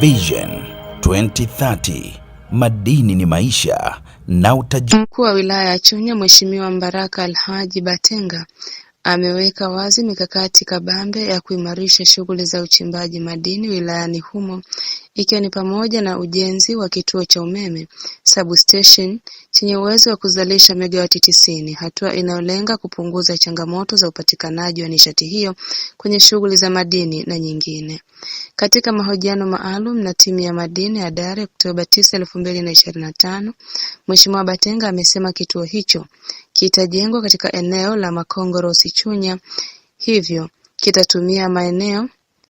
Vision 2030 madini ni maisha na utajiri. Mkuu wa wilaya ya Chunya Mheshimiwa Mbaraka Alhaji Batenga ameweka wazi mikakati kabambe ya kuimarisha shughuli za uchimbaji madini wilayani humo ikiwa ni pamoja na ujenzi wa kituo cha umeme (substation) chenye uwezo wa kuzalisha megawati tisini, hatua inayolenga kupunguza changamoto za upatikanaji wa nishati hiyo kwenye shughuli za madini na nyingine. Katika mahojiano maalum na Timu ya Madini ya Dare Oktoba 9, 2025, Mheshimiwa Batenga amesema kituo hicho kitajengwa katika eneo la Makongoro Sichunya hivyo kitatumia maeneo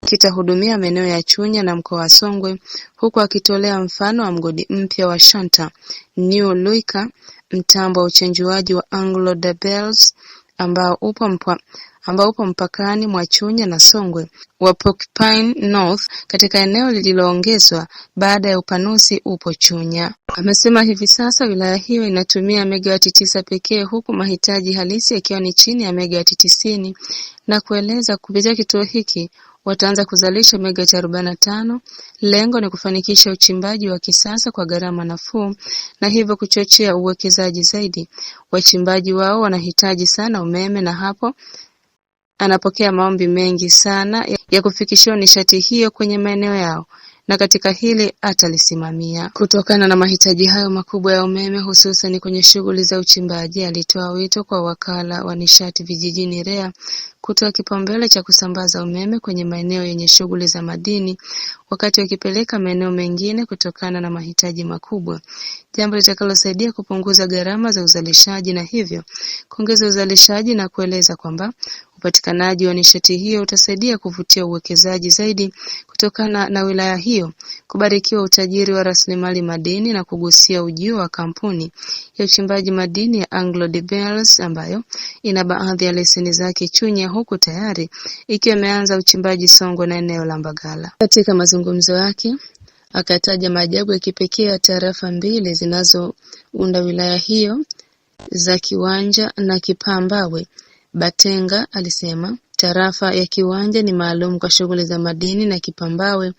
kitahudumia maeneo ya Chunya na mkoa wa Songwe huku akitolea mfano wa mgodi mpya wa Shanta New luika mtambo wa uchenjuaji wa Anglo-Debels ambao upo mpwa ambao upo mpakani mwa Chunya na Songwe wa Porcupine North katika eneo lililoongezwa baada ya upanuzi upo Chunya. Amesema hivi sasa wilaya hiyo inatumia megawati tisa pekee huku mahitaji halisi yakiwa ni chini ya megawati tisini na kueleza kupitia kituo hiki wataanza kuzalisha megawati arobaini na tano. Lengo ni kufanikisha uchimbaji wa kisasa kwa gharama nafuu na hivyo kuchochea uwekezaji zaidi. Wachimbaji wao wanahitaji sana umeme na hapo anapokea maombi mengi sana ya kufikishiwa nishati hiyo kwenye maeneo yao na katika hili atalisimamia. Kutokana na mahitaji hayo makubwa ya umeme hususan kwenye shughuli za uchimbaji, alitoa wito kwa wakala wa nishati vijijini REA kutoa kipaumbele cha kusambaza umeme kwenye maeneo yenye shughuli za madini, wakati wakipeleka maeneo mengine kutokana na mahitaji makubwa, jambo litakalosaidia kupunguza gharama za uzalishaji na hivyo kuongeza uzalishaji, na kueleza kwamba Upatikanaji wa nishati hiyo utasaidia kuvutia uwekezaji zaidi kutokana na wilaya hiyo kubarikiwa utajiri wa rasilimali madini na kugusia ujio wa kampuni ya uchimbaji madini ya Anglo DeBoers ambayo ina baadhi ya leseni zake Chunya huku tayari ikiwa imeanza uchimbaji Songwe na eneo la Mbagala. Katika mazungumzo yake akataja maajabu ya kipekee ya tarafa mbili zinazounda wilaya hiyo za Kiwanja na Kipambawe Batenga alisema tarafa ya Kiwanja ni maalum kwa shughuli za madini na Kipambawe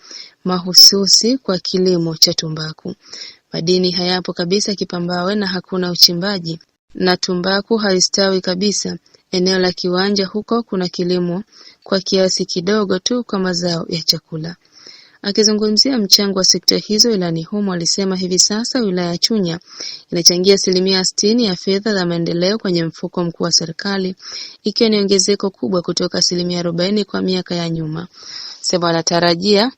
mahususi kwa kilimo cha tumbaku. Madini hayapo kabisa Kipambawe na hakuna uchimbaji na tumbaku haistawi kabisa eneo la Kiwanja huko kuna kilimo kwa kiasi kidogo tu kwa mazao ya chakula. Akizungumzia mchango wa sekta hizo wilayani humo alisema hivi sasa wilaya ya Chunya inachangia asilimia sitini ya fedha za maendeleo kwenye mfuko mkuu wa serikali ikiwa ni ongezeko kubwa kutoka asilimia arobaini kwa miaka ya nyuma. Sema wanatarajia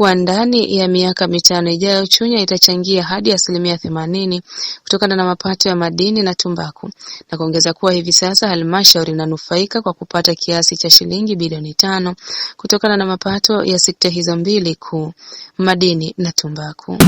kuwa ndani ya miaka mitano ijayo Chunya itachangia hadi asilimia themanini kutokana na mapato ya madini na tumbaku na kuongeza kuwa hivi sasa halmashauri inanufaika kwa kupata kiasi cha shilingi bilioni tano kutokana na mapato ya sekta hizo mbili kuu, madini na tumbaku.